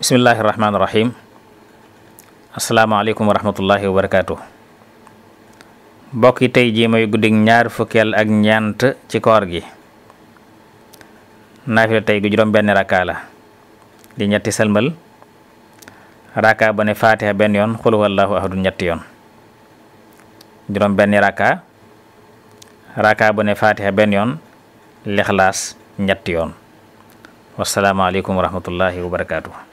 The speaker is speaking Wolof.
bismillahi rahmaani rahim asalaamaaleykum wa rahmatullahi wa barakaatu mbokk yi tey jii mooy guddig ñaar fukkeel ak ñant ci koor gi naafila tey gu juróom benn raka la di ñetti sëlmal raka ba ne faatiha benn yoon xul wallahu ahadun ñetti yoon juróom benn raka raka ba ne faatiha benn yoon lixlaas ñetti yoon wasalaamaaleykum wa rahmatullahi wa